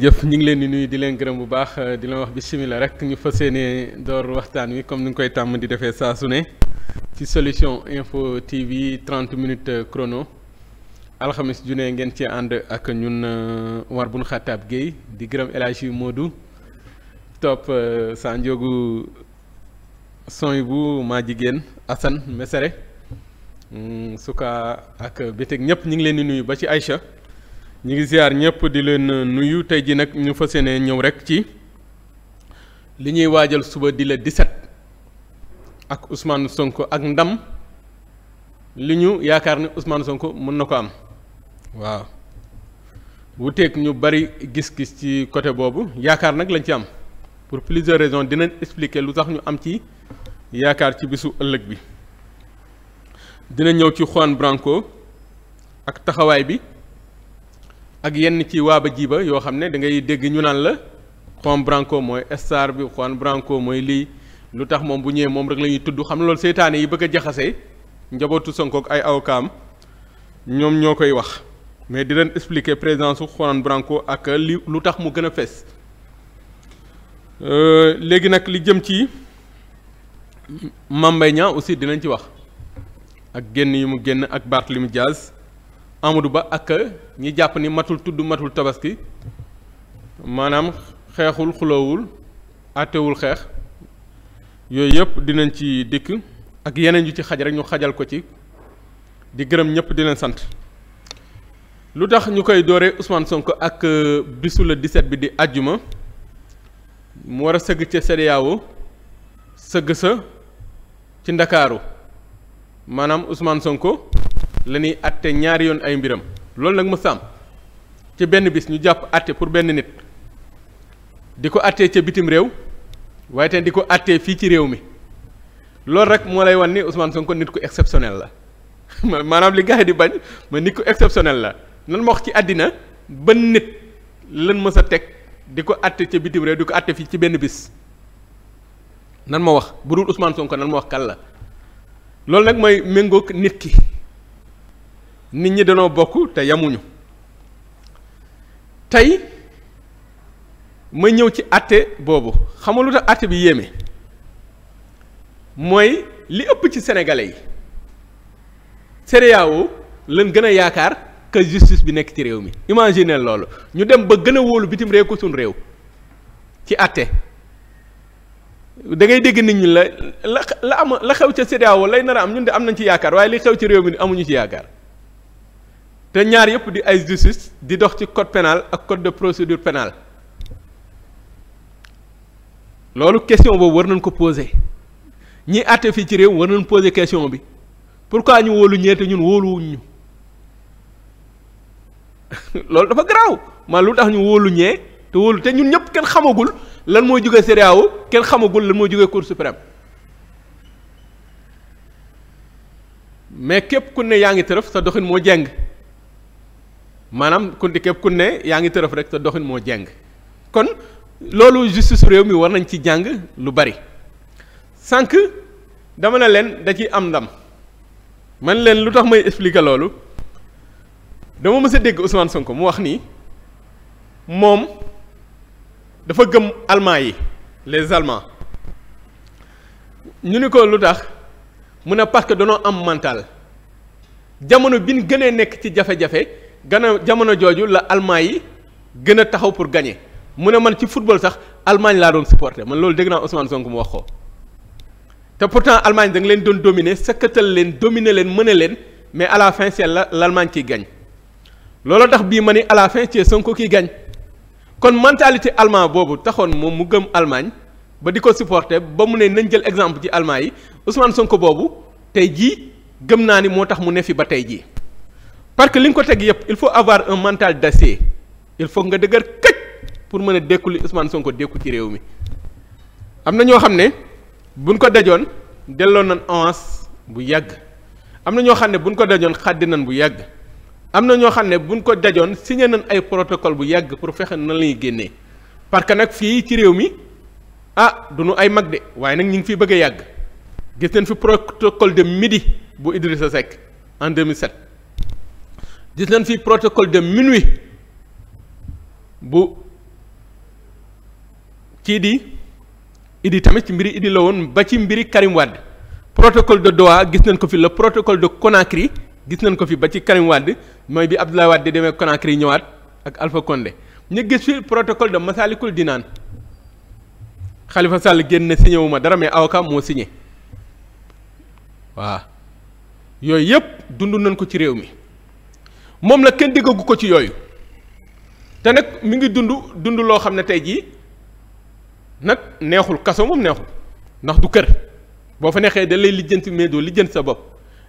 jëf ñu ngi leen di nuyu di leen gërëm bu baax euh, di leen wax bisimilah rek ñu fa yéene door waxtaan wi comme ni nga koy tàmm di defee saa su ne ci solution info TV 30 minutes euh, crono alxamis ju ne ngeen ci ànd ak ñun euh, war bun xattaab Guèye di gërëm El Hadji Modou topp saa njóogu sony bu maa jigéen Assane Mesere mm, suka ak béteg ñëpp ñu ngi leen di nuyu ba ci Aïcha. ñu ngi ziar ñëpp di leen nuyu tey ji nag ñu fa yéene ñëw rek ci li ñuy waajal suba di la 17 ak Ousmane Sonko ak ndam li ñu yaakaar ne Ousmane Sonko mën na ko am waaw wuteeg ñu bari gis-gis ci côté boobu yaakaar nag lañ ci am pour plusieurs raisons dina expliquer lu tax ñu am ci yaakaar ci bisu ëllëg bi dina ñëw ci Juan Branco ak taxawaay bi. ak yenn ci waaba jiba yoo xam ne da ngay dégg ñu naan la Juan Branco mooy star bi Juan Branco mooy lii lu tax moom bu ñëwee moom rek la tudd xam loolu seytaane yi bëgg a jaxase njabootu Sonko ay awkaam ñoom ñoo koy wax mais di leen expliquer présence su Juan Branco ak li lu tax mu gën a fees euh, léegi nag li jëm ci Mame Mbaye aussi dinañ ci wax ak génn yu mu génn ak baax Barthélémy Dias Amadou Ba ak ñi jàpp ni matul tudd matul tabaski maanaam xeexul xuloowul atewul xeex yooyu yëpp dinañ ci dikk ak yeneen yu ci xaj rek ñu xajal ko ci di gërëm ñëpp di sant lu tax ñu koy dooree Ousmane Sonko ak euh, bisu le 17 bi di àjjuma mu war a sëgg ca CEDEAO sëgg sa ci Ndakaaru maanaam Ousmane Sonko la ñuy atte ñaari yoon ay mbiram loolu nag mës am ci benn bis ñu jàpp atte pour benn nit di ko attee ca bitim réew waaye tamit di ko attee fii ci réew mi loolu rek moo lay wan ni Ousmane Sonko nit ku exceptionnel la maanaam li gars yi di bañ ma nit ku exceptionnel la nan ma wax ci àddina ban nit lan mës a teg di ko atte ca bitim réew di ko atte fii ci benn bis nan ma wax bu dul Ousmane Sonko nan ma wax kan la loolu nag mooy méngoog nit ki nit ñi danoo bokk te yamuñu tey may ñëw ci àtte boobu xam nga lu tax àtte bi yéeme mooy li ëpp ci senegale yi CEDEAO lañ gën a yaakaar que justice bi nekk ci réew mi imagine loolu ñu dem ba gën a wóolu bitim réew ko suñ réew ci àtte da dégg nit ñi la la la am la xew ca CEDEAO lay nar a am ñun de am nañ ci yaakaar waaye li xew ci réew mi amuñu ci yaakaar te ñaar yëpp di ay justice di dox ci code pénal ak code de procédure pénale loolu question boobu war nañ ko poser ñi àtte fii ci réew war nañ poser question bi pourquoi ñu wóolu ñeete ñun wóoluwuñ ñu loolu dafa garaaw maa lu tax ñu wóolu ñee te wóolu te ñun ñëpp kenn xamagul lan mooy jógee CEDEAO kenn xamagul lan moo jógee Cour suprême mais képp ku ne yaa ngi tërëf sa doxin moo jeng maanaam ku di képp ku ne yaa ngi tërëf rek te doxin moo jeng kon loolu justice réew mi war nañ ci jàng lu bari sànq dama ne leen da ciy am ndam man leen lu tax may explique loolu dama mës a dégg Ousmane Sonko mu wax nii moom dafa gëm allemand yi les allemands ñu ni ko lu tax mu ne parce que danoo am mental jamono bi ñu gënee nekk ci jafe-jafe. gana jamono jooju la Allemagne yi gën a taxaw pour gañe mu ne man ci football sax Allemagne laa doon supporter man loolu dégg naa Ousmane Sonko mu wax ko te pourtant Allemagne da nga leen doon dominer sëkkatal leen dominer leen mën a leen mais à la fin c'est la l'Allemagne qui gagne looloo tax bii ma ni à fin c'est sonk qui gagne kon mentalité allemand boobu taxoon moom mu gëm Allemagne ba di ko supporter ba mu ne nañ jël exemple ci Allemagne yi Ousmane Sonko boobu tey jii gëm naa ni moo tax mu ne fi ba tey jii. parce que li nga ko teg yëpp il faut avoir un mental d'acier il faut nga dëgër këj pour mën a dékku li Ousmane Sonko dékku ci réew mi am na ñoo xam ne buñ ko dajoon delloo nañ avance bu yàgg am na ñoo xam ne buñ ko dajoon xàddi nañ bu yàgg am na ñoo xam ne buñ ko dajoon si signé nan ay protocole bu yàgg pour fexe na lañuy génnee parce que nag fii ci réew mi ah du nu ay mag de waaye nag ñu ngi fiy bëgg a yàgg gis nañ fi protocole de midi bu sa Seck en 2007 gis nañ fi protocole de minuit bu kii di idi tamit ci mbiri idi la woon ba ci mbiri Karim Wade protocole de Doha gis nañ ko fi le protocole de Conakry gis nañ ko fi ba ci Karim Wade mooy bi Abdoulaye Wade di demee Conakry ñëwaat ak Alpha Condé ñu gis fi protocole de Massalikul Dinaan Khalifa Sall génn signé ma dara mais avocat moo signé waaw yooyu yëpp dundu nañ ko ci réew mi. moom la kenn déggagu ko ci yooyu te nag mi ngi dund dund loo xam ne tey jii nag neexul kaso moom neexul ndax du kër boo fa neexee da lay lijjanti mais doo sa bopp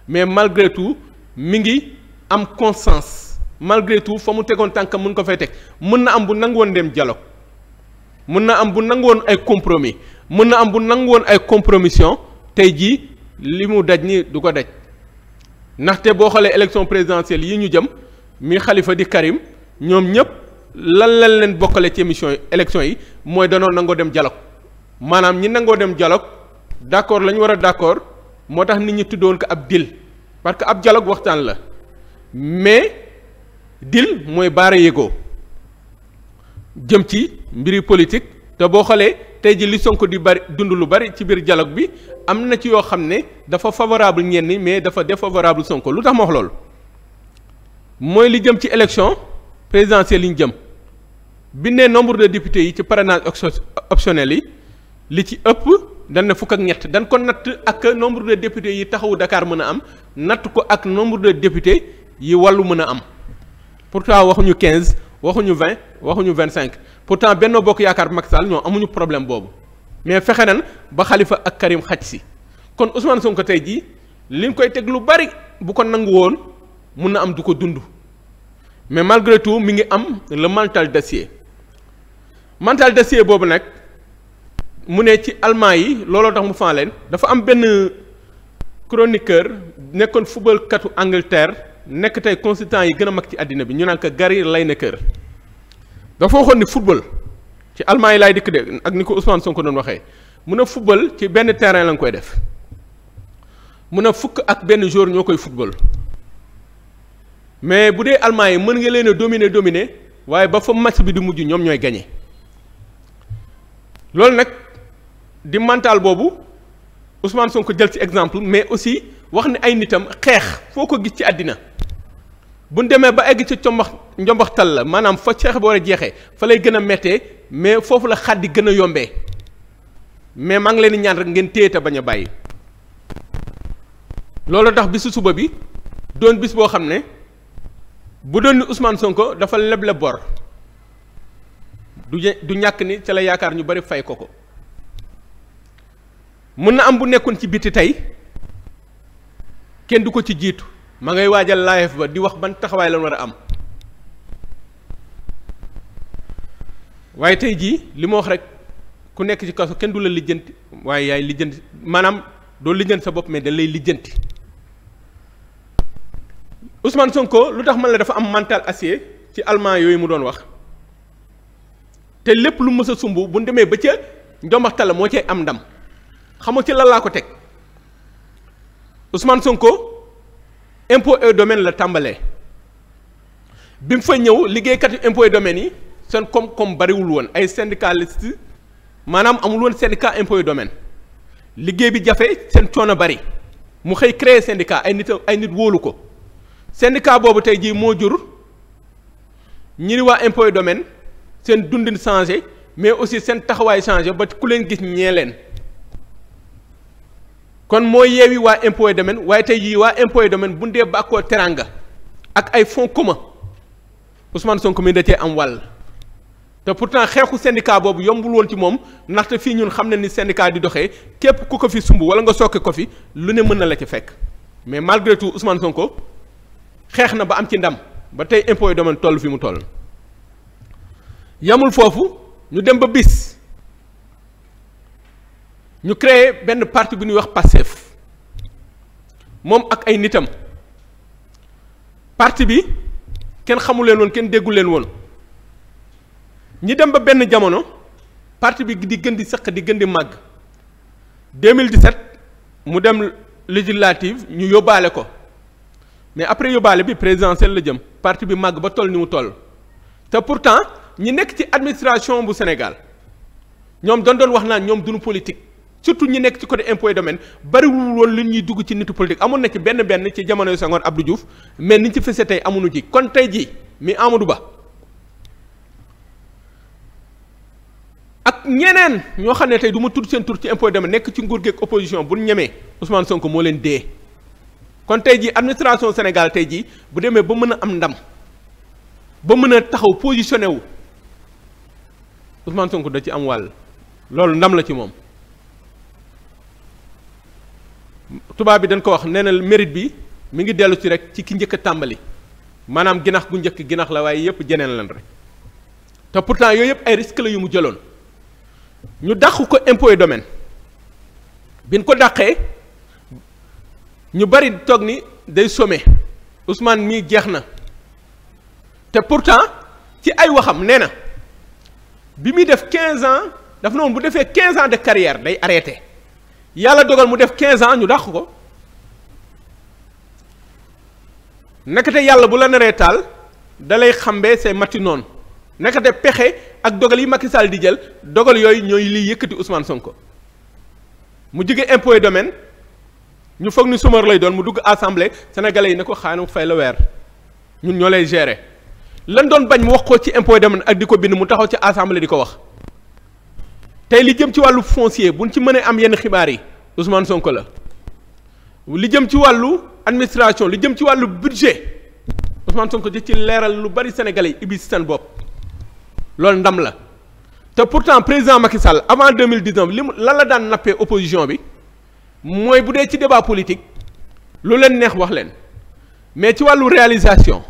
mais malgrétou tout mi ngi am conscience malgré fa mu tegoon tànkam mun ko fay teg mën na am bu nangu woon dem jalo mën na am bu nangu woon ay compromis mën na am bu nangu woon ay compromission tey jii li mu daj nii du ko daj ndaxte boo xoolee élection présidentielle yi ñu jëm mi xalifa di Karim ñoom ñëpp lan lañ leen bokkale ci émission yi yi mooy danoo nangoo dem dialogue maanaam ñi nangoo dem dialogue d'accord la ñu war a d'accord moo tax nit ñi tuddoon ko ab dil parce que ab dialogue waxtaan la mais dil mooy baara yégoo jëm ci mbiri politique te boo xoolee. tey ji li Sonko di bari dund lu bari ci biir dialogue bi am na ci yoo xam ne dafa favorable ngeen ni mais dafa défavorable Sonko lu tax ma wax loolu mooy li jëm ci élection présidentielle li ñu jëm bi ne nombre de députés yi ci parrainage optionnel yi li ci ëpp dañ na fukk ak ñett dañ ko natt ak nombre de députés yi taxawu dakaar mën a am natt ko ak nombre de députés yi wallu mën a am pourtant waxuñu 15 waxuñu vingt waxuñu vingt cinq pourtant Benno Bokk Yaakaar bi ñoo amuñu problème boobu mais fexe nan ba xalifa ak Karim xaj si kon Ousmane Sonko tey jii liñ koy teg lu bari bu ko nangu woon mun na am du ko dund mais malgré tout mi ngi am le mantal d'acier mental d'acier boobu nag mu ne ci allemand yi looloo tax mu fan leen dafa am benn chroniqueur nekkoon football katu Angleterre nekk tey consultant yi gën a mag ci àddina bi ñu naan ko Gary Lineker dafa waxoon ni football ci yi laay dikk de ak ni ko Ousmane ko doon waxee mun a football ci benn terrain la nga koy def mun a fukk ak benn jour ñoo koy football mais bu dee Allemagne yi mën nga leen a dominer dominer waaye ba fa match bi di mujj ñoom ñooy gagné loolu nag di mental boobu Ousmane ko jël ci exemple mais aussi wax ne ay nitam xeex foo ko gis ci àddina bu ñu demee ba egg ci combax njombaxtal la maanaam fa ceex bi a jeexee fa lay gën a méttee mais foofu la xaddi gën a yombee mais maa ngi leen di ñaan rek ngeen téye te bañ a bàyyi. loolu tax bisu suba bi doon bis boo xam ne bu doon ni Ousmane Sonko dafa leble bor du du ñàkk ni ca la yaakaar ñu bari fay ko ko mun na am bu nekkoon ci biti tey kenn du ko ci jiitu. ma ngay waajal live ba di wax ban taxawaay lan war a am waaye tey jii li ma wax rek ku nekk ci kaso kenn du la lijjanti waaye yaay lijjanti maanaam doo lijjanti sa bopp mais dal lay lijjanti usmaan Sonko lu tax man la dafa am mental acier ci allemand yooyu mu doon wax te lépp lu mësa sumb bu ñu demee ba ca njombaxtal la moo cay am ndam xamoo ci lan laa ko teg Ousmane Sonko. impôt et domaine la tàmbalee bi mu fa ñëw liggéeykat yu impôt et domaine yi seen koom-koom bariwul woon ay syndicaliste maanaam amul woon syndicat impôt et domaine liggéey bi jafe seen coono bari mu xëy créer syndicat ay nit ay nit wóolu ko syndicat boobu tey jii moo jur ñi di waa impôt et domaine seen dundin changé mais aussi seen taxawaay changé ba ku leen gis ñee leen. kon moo yeewi waa impôt et domaine waaye tey jii waa impôt et domaine bu ndee bàkkoo teranga ak ay fonk ma Ousmane Sonko mi da cee am wàll te pourtant xeexu syndicat boobu yombul woon ci moom ndaxte fii ñun xam ne ni syndicat di doxee képp ku ko fi sumb wala nga sooke ko fi lu ne mën na la ci fekk mais malgré tout Ousmane Sonko xeex na ba am ci ndam ba tey impôt et toll fi mu toll yamul foofu ñu dem ba bis ñu créé benn parti bu ñuy wax Pastef moom ak ay nitam parti bi kenn xamu leen woon kenn déggu leen woon ñi dem ba benn jamono parti bi di gën di sëq di gën di màgg 2017 mu dem législative ñu yóbbaale ko mais après yóbbaale bi présidentielle la jëm parti bi màgg ba toll ni mu toll te pourtant ñi nekk ci administration bu Sénégal ñoom doon doon wax naan ñoom duñu politique. surtout ñi nekk ci côté impôt et domaine bariwul woon li ñuy dugg ci nitu politique amoon na ci benn benn ci jamono yu Senghor Abdou Diouf mais niñ ci fese tey amuñu ci kon tey jii mi Amadou Ba ak ñeneen ñoo xam ne du ma tudd seen ci impôt et domaine nekk ci nguur geeg opposition bu ñemee Ousmane Sonko moo leen dee kon tey jii administration Sénégal tey jii bu demee ba mën a am ndam ba mën a taxaw positionné wu Ousmane Sonko da ci am wàll loolu ndam la ci moom. tubaab bi dañ ko wax nee na mérite bi mi ngi dellu ci rek ci ki njëkk tàmbali maanaam ginax gu njëkk ginax la waaye yëpp jeneen lan rek te pourtant yooyu yëpp ay risque la yu mu jëloon ñu dàq ko impôt et domaine biñ ko dàqee ñu bari toog ni day sommé Ousmane mii jeex na te pourtant ci ay waxam nee na bi muy def quinze ans daf na woon bu defee quinze ans de carrière day arrêté yàlla dogal mu def 15 ans ñu dàq ko nekkate yàlla bu la naree taal dalay xambee say matti noonu nekkate pexe ak dogal yi Macky Sall di jël dogal yooyu ñooy liy yëkkati son ko mu jóge impôt domaine ñu foog ni sumar lay doon mu dugg assemblée sénégalais yi ne ko xaanu fay la weer ñun ñoo lay gere lan doon bañ mu wax ko ci impôt domaine ak di ko bind mu taxaw ci assemblée di ko wax tey li jëm ci wàllu foncier buñ ci mënee am yenn xibaar yi Ousmane Sonko la li jëm ci wàllu administration li jëm ci wàllu budget Ousmane Sonko di ci leeral lu bari sénégalais yi ibbi seen bopp loolu ndam la te pourtant président Macky Sall avant deux mille dix-neuf li mu lan la daan nappee opposition bi mooy bu dee ci débat politique lu leen neex wax leen mais ci wàllu réalisation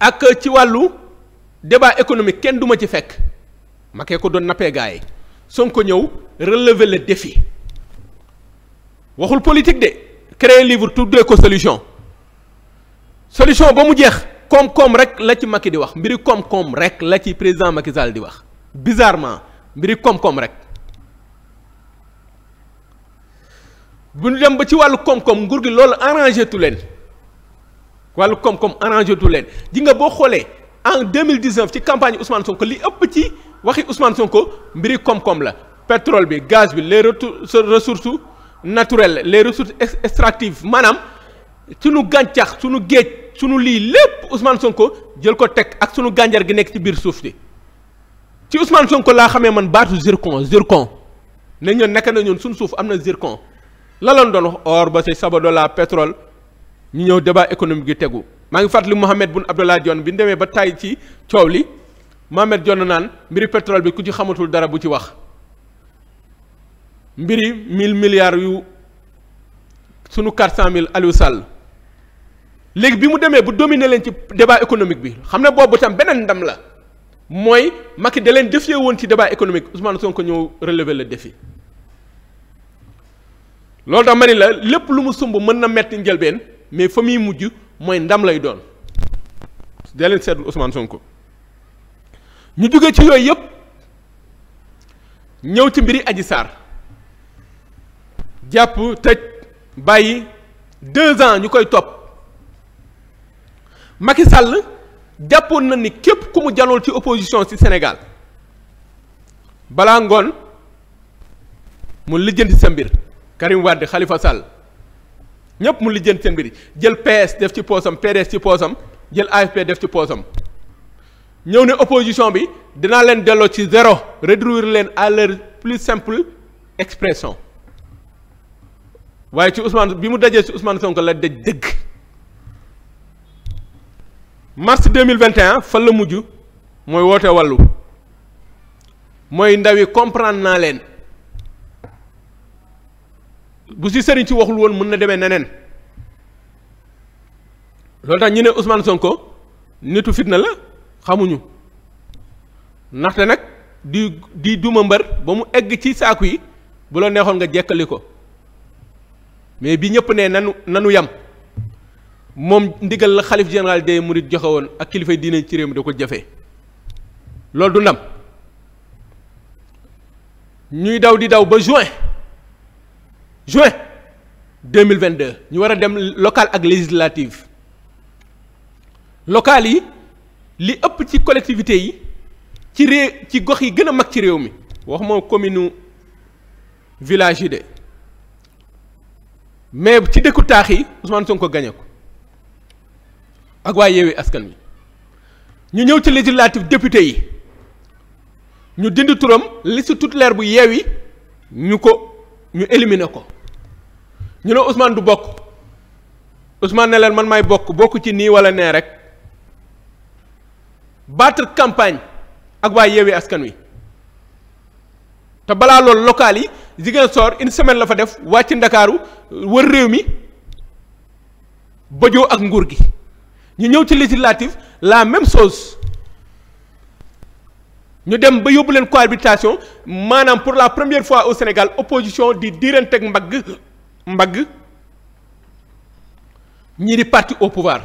ak ci wàllu débat économique kenn du ma ci fekk. Macky ko doon nappee gars yi Sonko ñëw relever le défi waxul politique de créer livre tuddee ko solution solution ba mu jeex koom-koom rek la ci Macky di wax mbiri koom-koom rek la ci président Macky di wax bizarrement mbiri koom rek bu ñu dem ba ci wàllu koom-koom nguur gi loolu arrangé leen wàllu koom-koom arrangé tu leen ji nga boo xoolee en 2019 ci campagne Ousmane Sonko li ëpp ci waxi Ousmane Sonko mbiri koom-koom la pétrole bi gaz bi les ressources naturelles les ressources extractives maanaam sunu gàncax sunu géej sunu lii lépp Ousmane Sonko jël ko teg ak sunu gànjar gi nekk ci biir suuf si ci Ousmane Sonko laa xamee man baatu zircon zircon ne ñun nekk na ñun sunu suuf am na zircon la lan doon or ba say Sabodala pétrole ñu ñëw débat économique gi tegu maa ngi fàttali Mohamed Boun Abdallah Dionne bi ñu demee ba tàyyi ci coow li. Mohamed Dionne naan mbiri pétrole bi ku ci xamatul dara bu ci wax mbiri mille milliards yu sunu quatre cent mille Aliou Sall léegi bi mu demee bu dominé leen ci débat économique bi xam ne boobu tam beneen ndam la mooy Macky da leen défier woon ci débat économique Ousmane Sonko ñëw relever la defi loolu tax ma ni la lépp lu mu sumb mën na metti njëlbeen mais fa muy mujj mooy ndam lay doon da leen seetlu Ousmane ko ñu jóge ci yooyu yëpp ñëw ci mbiri aji Sarr jàpp tëj bàyyi deux ans ñu koy topp Macky sàll jàppoon na ni képp ku mu jalool ci opposition ci senegal balaa ngoon mu lijjanti sa mbir Karim xalifa Khalifa Sall ñépp mu lijjanti seen mbir jël PS def ci poosam PDS ci poosam jël AFP def ci poosam ñëw ne opposition bi dinaa leen delloo ci zéro réduire leen à leur plus simple expression waaye ci Ousmane bi mu dajee ci Ousmane Sonko la daj dëgg mars deux mille vingt et fan la mujj mooy woote wàllu mooy ndaw yi comprendre naa leen bu si sëriñ ci waxul woon mën na demee neneen loolu tax ñu ne Ousmane Sonko nitu fitna la. xamuñu ndaxte nag di di duma mbër ba mu egg ci saaku yi bu la neexoon nga jekkali ko mais bi ñëpp ne nanu nanu yam moom ndigal la xalif général de mourides joxe woon ak kilifa diine ci réew mi da ko jëfee loolu du ndam ñuy daw di daw ba juin juin deux mille vingt deux ñu war a dem local ak législative local yi. li ëpp ci collectivités yi ci réew ci gox yi gën a mag ci réew mi wax waxuma commune village yi de mais ci dëkku taax yi Ousmane Sonko gañe ko ak waa Yewwi Askan Wi ñu ñëw ci législative député yi ñu dind turam liste tutélaire bu Yewwi ñu ko ñu éliminé ko ñu ne Ousmane du bokk Ousmane na leen man may bokk bokk ci nii wala nee rek battre campagne ak waa yeewee askan wi te balaa loolu local yi Ziguinchor une semaine la fa def wàcc ndakaaru wër réew mi bojoo ak nguur gi ñu ñëw ci législative la même chose ñu dem ba yóbbu leen cohabitation maanaam pour la première fois au Sénégal opposition di diiranteeg mbagg mbagg ñii di parti au pouvoir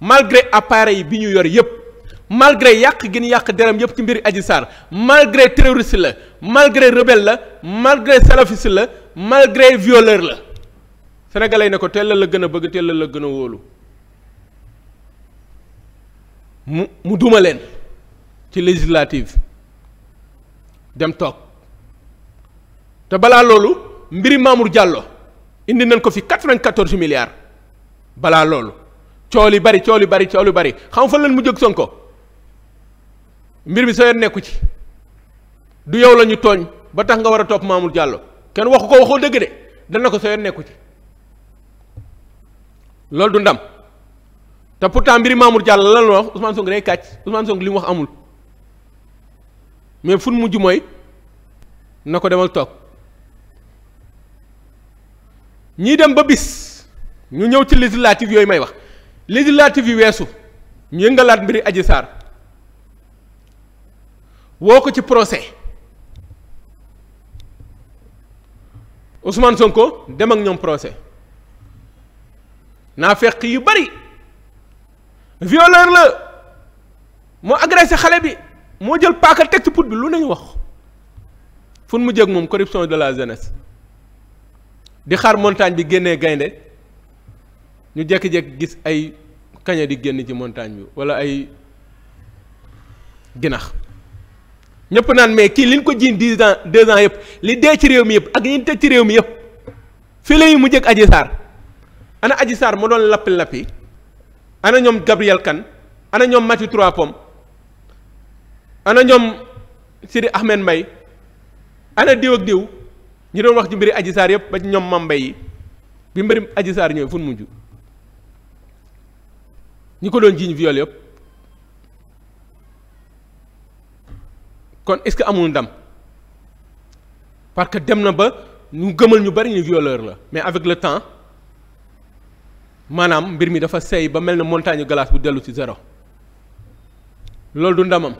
malgré appareil bi ñu yor yépp malgré yàq gin yàq deram yëpp ci mbiri Adji Sarr malgré terroriste la malgré rebelle la malgré salafiste la malgré violeur la sénégalais ne ko teel la gën a bëgg teel la gën a wóolu mu mu duma leen ci législative dem toog te balaa loolu mbir Mamour jàlloo indi nañ ko fi 94 milliards balaa loolu cool yi bari coow yi bari coow li bari xam fa leen mu jóg Sonko mbir mi sa nekku ci du yow la ñu tooñ ba tax nga war a topp Mamour jàlloo kenn waxu ko waxoo dëgg de dana ko sa nekku ci loolu du ndam te pourtant mbiri Mamour Diallo lan la wax Ousmane Sonko day kàcc Ousmane Sonko li wax amul mais fu mujj mooy na ko demal toog ñii dem ba bis ñu ñëw ci législative yooyu may wax législative yi weesu ñu yëngalaat mbir Adji Sarr woo ko ci procès Ousmane Sonko dem ak ñoom procès naa fekk yu bari violeur la moo agressé xale bi moo jël paaka teg ci put bi lu nañu wax fu mu jëg moom corruption de la jeunesse di xaar montagne bi génnee gaynde ñu jékki-jékki gis ay kaña di génn ci montagne bi walla ay ginax ñëpp naan mais kii liñ ko jiin dix ans deux ans yëpp li dee ci réew mi yëpp ak ñi tëj ci réew mi yëpp fii la mu mujjee ak Adji Sarr ana Adji Sarr mu doon lappi lappi ana ñoom Gabriel Kane ana ñoom Mathieu Trois Pommes ana ñoom Sidi Ahmed Mbaye ana diw ak diw ñi doon wax ci mbiri Adji saar yëpp ba ci ñoom Mame Mbaye yi bi mbiri Adji Sarr ñëwee fu mujj ñi ko doon jiiñ viol yëpp. kon est-ce que amul ndam parce que dem na ba ñu gëmal ñu bari ñu violeur la mais avec le temps maanaam mbir mi dafa seey ba mel na montagne glace bu dellu ci zéro loolu du ndamam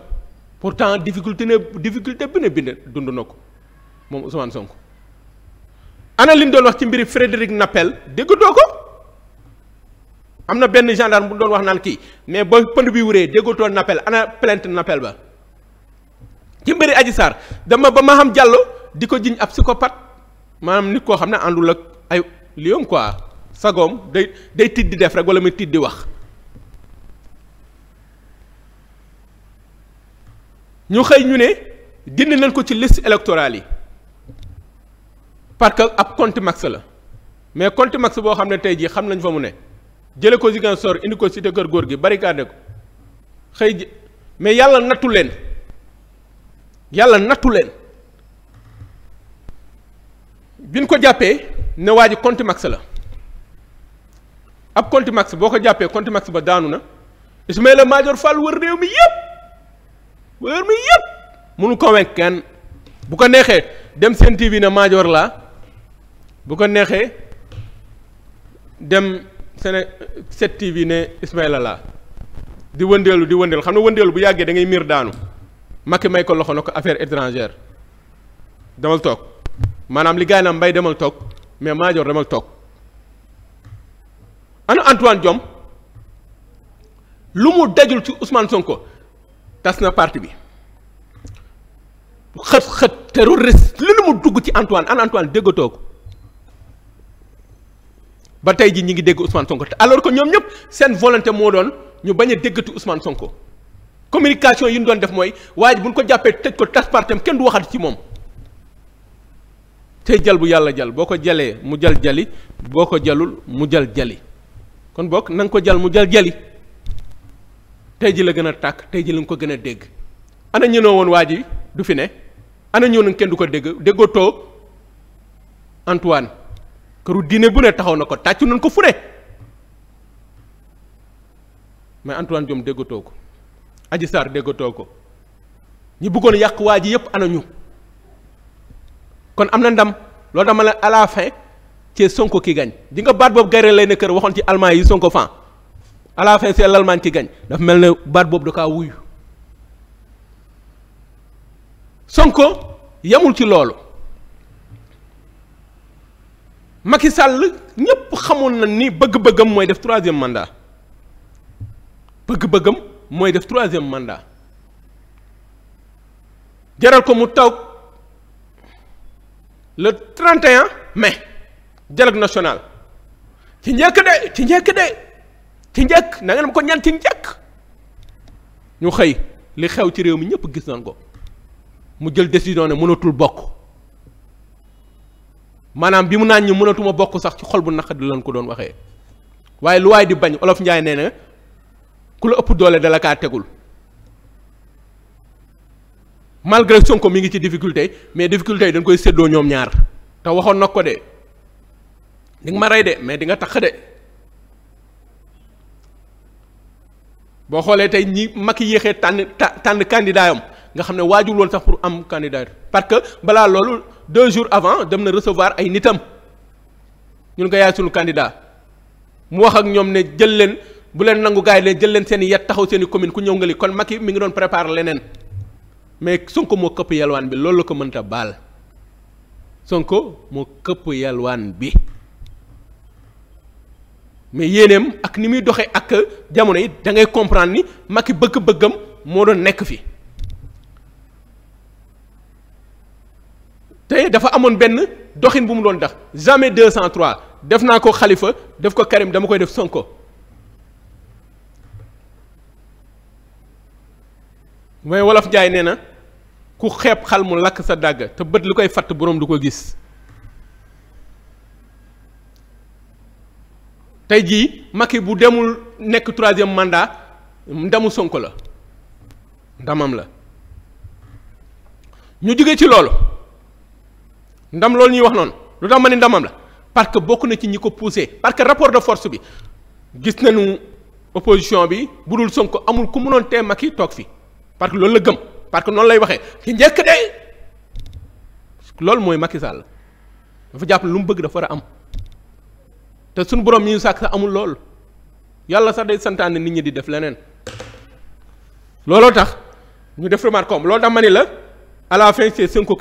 pourtant difficulté ne difficulté bi ne bind dund na ko moom Ousmane Sonko ana li mu doon wax ci mbiri Frédéric Nappel déggatoo ko am na benn gendarme bu doon wax naan kii mais ba pënd bi wuree déggatoo Nappel ana plainte Nappel ba ci mbiri Adji Sarr dama ba ma xam Diallo di ko jiñ ab psychopathe maanaam nit koo xam ne àndul ak ay lion quoi sagoom day day tiit di def rek wala muy tiit di wax ñu xëy ñu ne dindi nañ ko ci liste électorale yi parce que ab contumace la mais contumace boo xam ne tey jii xam nañ fa mu ne jële ko Ziguinchor indi ko cité kër góor gi barricade ko xëy ji mais yàlla nattu leen yàlla nattu leen bi biñ ko jàppee ne waa ji contumax la ab contumax boo ko jàppee contumax ba daanu na Ismaïla Madior Fall wër réew mi yépp wër mi yépp mënu convaincre kenn bu ko neexee dem seen TV ne Madior laa bu ko neexee dem Séné set TV ne Ismaïla laa di wëndeelu di wëndeelu xam ne wëndeelu bu yàggee da ngay miir daanu Macky may ko loxo na ko affaire étrangère demal toog maanaam li gaay mbay demal toog mais ma Madior demal toog ana Antoine Diome lu mu dajul ci Ousmane Sonko tas na parti bi xët xët terroriste lu mu dugg ci Antoine ana Antoine déggatoo ko ba tey ji ñi ngi dégg Ousmane Sonko alors que ñoom ñëpp seen volonté moo doon ñu bañ a déggati Ousmane Sonko communication yi ñu doon def mooy waaj bu ñu ko jàppee tëj ko tas partem kenn du waxat ci moom tey jal bu yàlla jal boo ko jalee mu jal jali boo ko jalul mu jal jali kon bokk na ko jal mu jal jali tey ji la gën a tàkk tey ji la nga ko gën a dégg ana ñënoo woon waa ji du fi ne ana ñëw nañ kenn du ko dégg déggoo toog Antoine këru diine bu ne taxaw na ko tàccu nañ ko fu ne mais Antoine Diome déggoo toog ko Adji Sarr déggatoo ko ñi bëggoon yàq waa ji yëpp anañu kon am na ndam loolu dama la à la fin c'est Sonko ki gañ di nga baat boobu gayre lay ne kër waxoon ci allemand yi Sonko fan à la fin c'est l'Allemagne ki gañ dafa mel ne baat boobu da kaa wuyu Sonko yemul ci loolu Macky Sall ñëpp xamoon na ni bëgg-bëggam mooy def troisième mandat bëgg-bëggam. mooy def troisième mandat jaral ko mu toog le 31 mai dialogue national ci njëkk de ci njëkk de ci njëkk na ma ko ñaan ci njëkk ñu xëy li xew ci réew mi ñëpp gis nañ ko mu jël décision ne mënatul bokk maanaam bi mu naan ñi mënatuma bokk sax ci xol bu naqadi lan ko doon waxee waaye lu waaye di bañ olof Njaay nee na ku la ëpp doole dala kaa tegul malgré Sonko mi ngi ci difficulté mais difficulté yi dañ koy séddoo ñoom ñaar te waxoon na ko de di nga ma rey de mais dinga nga tax de boo xoolee tey ñi mag yéexee tànn tànn candidat nga xam ne waajul woon sax pour am candidat parce que balaa loolu deux jours avant dem na recevoir ay nitam ñun nga yaay sunu candidat mu wax ak ñoom ne jël leen. bu leen nangu gaay yi leen jël leen seen i yet taxaw seen i ku ñëw nga li kon Macky mi ngi doon préparer leneen mais Sonko moo këpp yelwaan bi loolu la ko mënta baal Sonko moo këpp yelwaan bi mais yéeneem ak ni muy doxee ak jamono yi da ngay comprendre ni Macky bëgg-bëggam moo doon nekk fi te dafa amoon benn doxin bu mu doon dax jamais deux cent trois def naa ko Khalifa def ko Karim dama koy def Sonko mais wolof njaay nee na ku xeeb xal mu lakk sa dàgg te bët lu koy fatt boroom du ko gis tey jii Macky bu demul nekk troisième mandat ndamu Sonko la ndamam la ñu jóge ci loolu ndam loolu ñuy wax noonu lu tax ma ni ndamam la parce que bokk na ci ñi ko poussé parce que rapport de force bi gis nañu opposition bi bu dul Sonko amul ku mënoon tee Macky toog fi parce que loolu la gëm parce que noonu lay waxee ki njëkk de loolu mooy Macky Sall dafa jàpp lu mu bëgg dafa war a am te suñ borom mi ñu sàkk sax amul lool yàlla sax day santaane nit ñi di def leneen looloo tax ñu def remarque comme loolu tax ma ni la à la fin c'est Sonko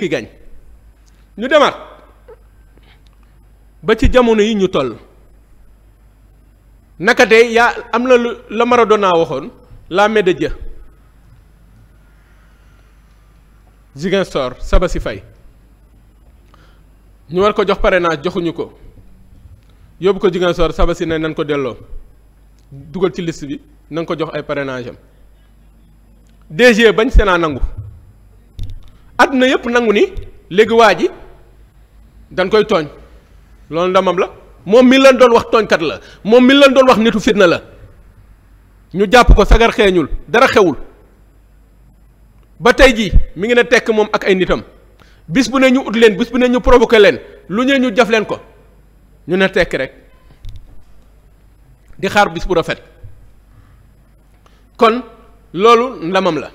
ñu demaat ba ci jamono yi ñu toll naka de yaa am na lu la Maradona waxoon laa main de Dieu saba si fay ñu war ko jox parrainage joxuñu ko yóbbu ko Ziguinchor si ne nañ ko delloo dugal ci liste bi nañ ko jox ay parrainage am DG bañ Sénat nangu àdduna yëpp nangu ni léegi waa ji dañ koy tooñ loolu ndamam la moom mi leen doon wax tooñkat la moom mi leen doon wax nitu fitna la ñu jàpp ko sagar xeeñul dara xewul ba tey jii mi ngi ne tekk moom ak ay nitam bis bu ne ñu ut leen bis bu ne ñu provoqué leen lu ñu ñu jaf leen ko ñu ne tekki rek di xaar bis bu rafet kon loolu ndamam la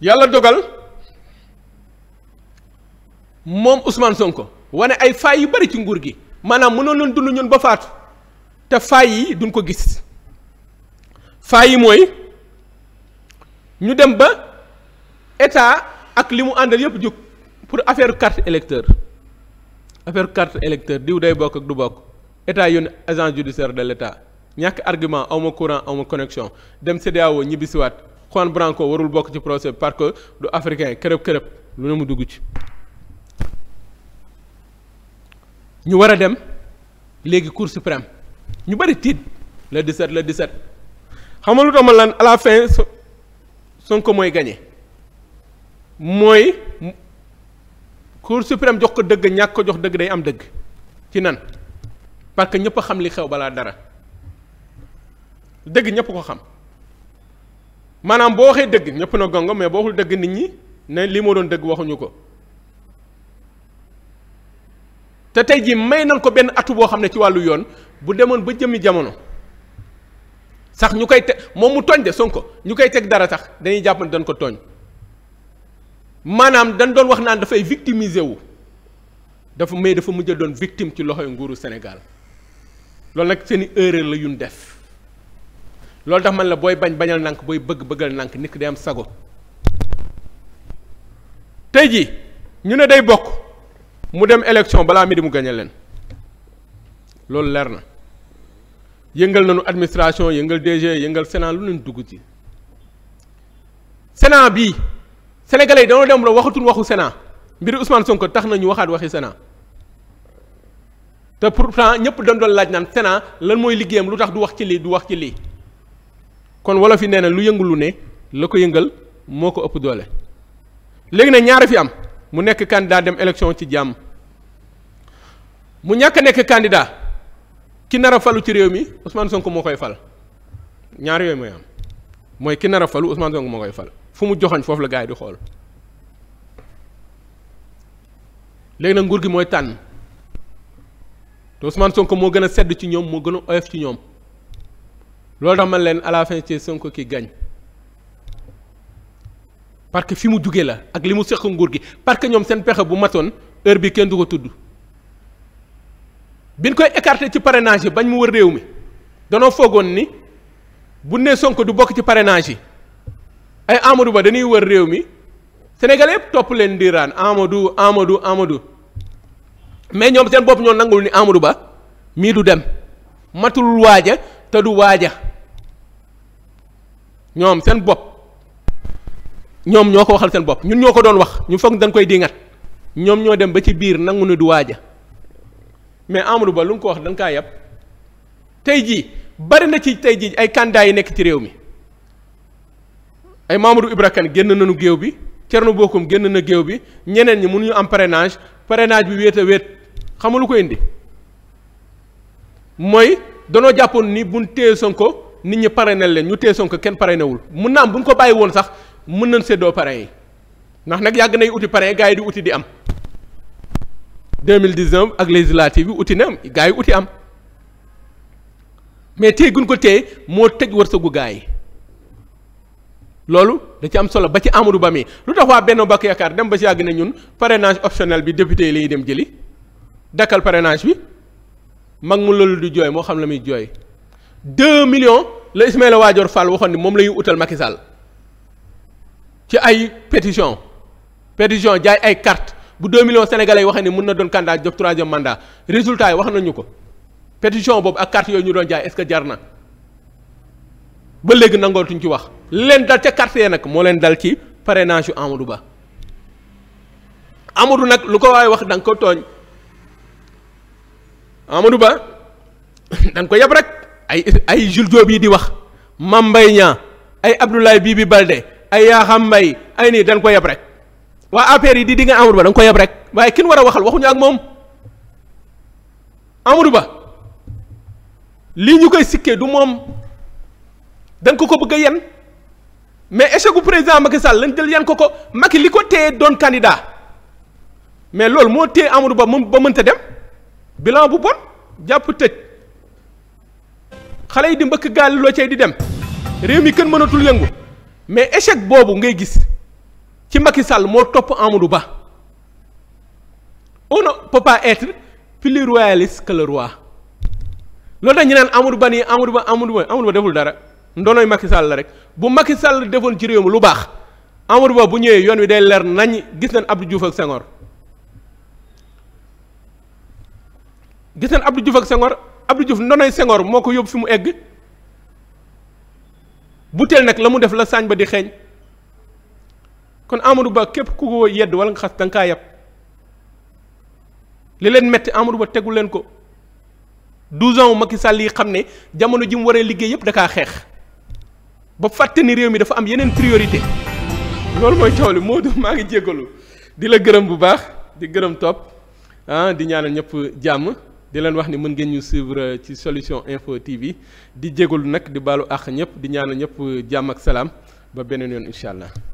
yàlla dogal moom Ousmane Sonko wane ay faay yu bari ci nguur gi maanaam mënoon nañ dund ñun ba faatu te faay yi duñ ko gis faay yi mooy. ñu dem ba état ak li mu àndal yëpp jóg pour affaire carte électeur affaire carte électeur diw day bokk ak du bokk état yónni agent judiciaire de l' état ñàkk argument awma courant awma connexion dem CEDEAO ñibbisiwaat Juan Branco warul bokk ci procès parce que du africain kërëb kërëb lu ne mu dugg ci ñu war a dem léegi cour suprême ñu bëri tiit le 17 le 17 xam nga lu tax ma Sonko mooy gagné mooy Cour suprême jox ko dëgg ñàkk ko jox dëgg day am dëgg ci nan parce que ñëpp xam li xew balaa dara dëgg ñëpp ko xam maanaam boo waxee dëgg ñëpp na gongo mais boo waxul dëgg nit ñi ne lii moo doon dëgg waxuñu ko te tey jii may nan ko benn atu boo xam ne ci wàllu yoon bu demoon ba jëmmi jamono. sax ñu koy teg moom mu tooñ de ko ñu koy teg dara sax dañuy jàpp ne dañ ko tooñ maanaam dan doon wax naan dafay victimiser wu dafa may dafa mujj doon victime ci loxoy nguuru Sénégal loolu nag seen i erreur la yuñ def loolu tax man la booy bañ bañal nank booy bëgg bëggal nànk nit ki day am sago tey jii ñu ne day bokk mu dem élection balaa mi di mu gañe leen loolu leer na. yëngal nañu administration yëngal DG yëngal sena lu leen dugg ci Sénat bii sénégalais yi dañoo dem la waxatul waxu sena mbiri Ousmane Sonko tax na ñu waxaat waxi sena te pourtant ñëpp dañ doon laaj naan Sénat lan mooy liggéeyam lu tax du wax ci lii du wax ci lii kon wala fi nee na lu yëngu lu ne la ko yëngal moo ko ëpp doole. léegi nag ñaara fi am mu nekk kandidaa dem élection ci jàmm mu ñàkk nekk candidat. ki nar falu ci réew mi Ousmane Sonko moo koy fal ñaar yooyu mooy am mooy ki nar falu Ousmane Sonko moo koy fal fu mu joxoñ foofu la gars yi di xool léegi na nguur gi mooy tànn te Ousmane sonk moo gën a sedd ci ñoom moo gën a oyof ci ñoom loolu tax man leen à la fin Sonko ki gañ parce que fi mu jugee la ak li mu seq nguur gi parce que ñoom seen pexe bu matoon heure bi kenn du ko tudd. biñ koy écarté ci parrainage yi bañ mu wër réew mi danoo foogoon ni bu ne sonk du bokk ci parrainage yi ay Amadou Ba dañuy wër réew mi Sénégalais yëpp topp leen diiraan Amadou Amadou amadu mais ñoom seen bopp ñoo nangul ni Amadou Ba mii du dem matul waaja te du waaja ñoom seen bopp ñoom ñoo ko waxal seen bopp ñun ñoo ko doon wax ñu foog dañ koy dingat ñoom ñoo dem ba ci biir nangu ne du waaja mais Amadou Ba lu nga ko wax da nga kaa tey jii bari na ci tey jii ay candidats yi nekk ci réew mi ay Mamadou Ibra Kane génn nañu géew bi Thierno Bocoum génn na géew bi ñeneen ñi mënuñu am parrainage parrainage bi wéet a wéet xam lu ko indi mooy danoo jàppoon ni buñ téye Sonko nit ñi parrainé leen ñu téye Sonko kenn parrainé wul mun na am bu ñu ko bàyyi woon sax mën nañ seddoo parrain yi ndax nag yàgg nay uti parrain gars yi di uti di am. deux mille dix neuf ak législative yi uti na am gaa yi uti am mais te gun ko téye moo tëj wërsëgu gaa yi loolu da ci am solo ba ci Amadou Ba mi lu tax waa benn Bokk Yaakaar dem ba si àgg na ñun parenage optionnel bi député yi la ñuy dem jëli dakkal parrainage bi mag mu loolu du jooy moo xam la muy jooy deux millions la Ismaïla Madior Fall waxoon ni moom la ñuy utal Macky ci ay pétition pétition jaay ay carte bu 2 millions sénégalais waxe waxee ne mën na doon candidat jox troisième résultat yi wax nañu ko pétition boobu ak carte yooyu ñu doon jaay est-ce que na ba léegi nangootuñ ci wax leen dal ca carte yi nag moo leen dal ci pare naa yu Amadou Ba Amadou nag lu ko waaye wax da nga ko tooñ Amadou Ba dañ ko yeb rek ay ay Jules Diop yi di wax Mame Mbaye Niang ay Abdoulaye bi Baldé ay Yakham mbay ay nii dañ ko yeb rek waa APR yi di di nga Amadou Ba da nga ko yeb rek waaye kin war a waxal waxuñu ak moom Amadou Ba lii ñu koy sikkee du moom da ko ko bëgg a yen mais échec gu président Macky Sall lañ jël yan ko ko Macky li ko téye doon candidat mais loolu moo téye Amadou Ba moom ba mënta dem bilan bu bon jàpp tëj xale yi di mbëkk gaal loo cay di dem réew mi kën mënatul yëngu mais échec boobu ngay gis. ci Macky sàll moo topp Amadou Ba on ne peut pas être plus royaliste que le roi loolu dañu naan Amadou Ba nii Amadou Ba Amadou Ba Amadou Ba deful dara ndoonoy Macky Sall rek bu Macky sàll defoon ci réew mi lu baax Amadou Ba bu ñëwee yoon wi day leer nañ gis nañ Abdou Diouf ak Senghor gis neen Abdou Diouf ak Senghor Abdou Diouf ndoonoy Senghor moo ko yóbbu fi mu egg bu nag la mu def la saañ ba di xeeñ. kon Amadou Ba képp ku ko yedd wala nga xas da nga kaa yab li leen metti Amadou Ba tegu leen ko 12 ans Macky Sall yi xam ne jamono ji mu waree liggéey yëpp da xeex ba fàtte ni réew mi dafa am yeneen priorité loolu mooy coow li moo du maa ngi jéggalu di la gërëm bu baax di gërëm topp ah di ñaanal ñëpp jàmm di leen wax ni mën ngeen ñu suivre ci solution info TV di jégalu nag di baalu àq ñëpp di ñaanal ñëpp jàmm ak salaam ba beneen yoon incha allah.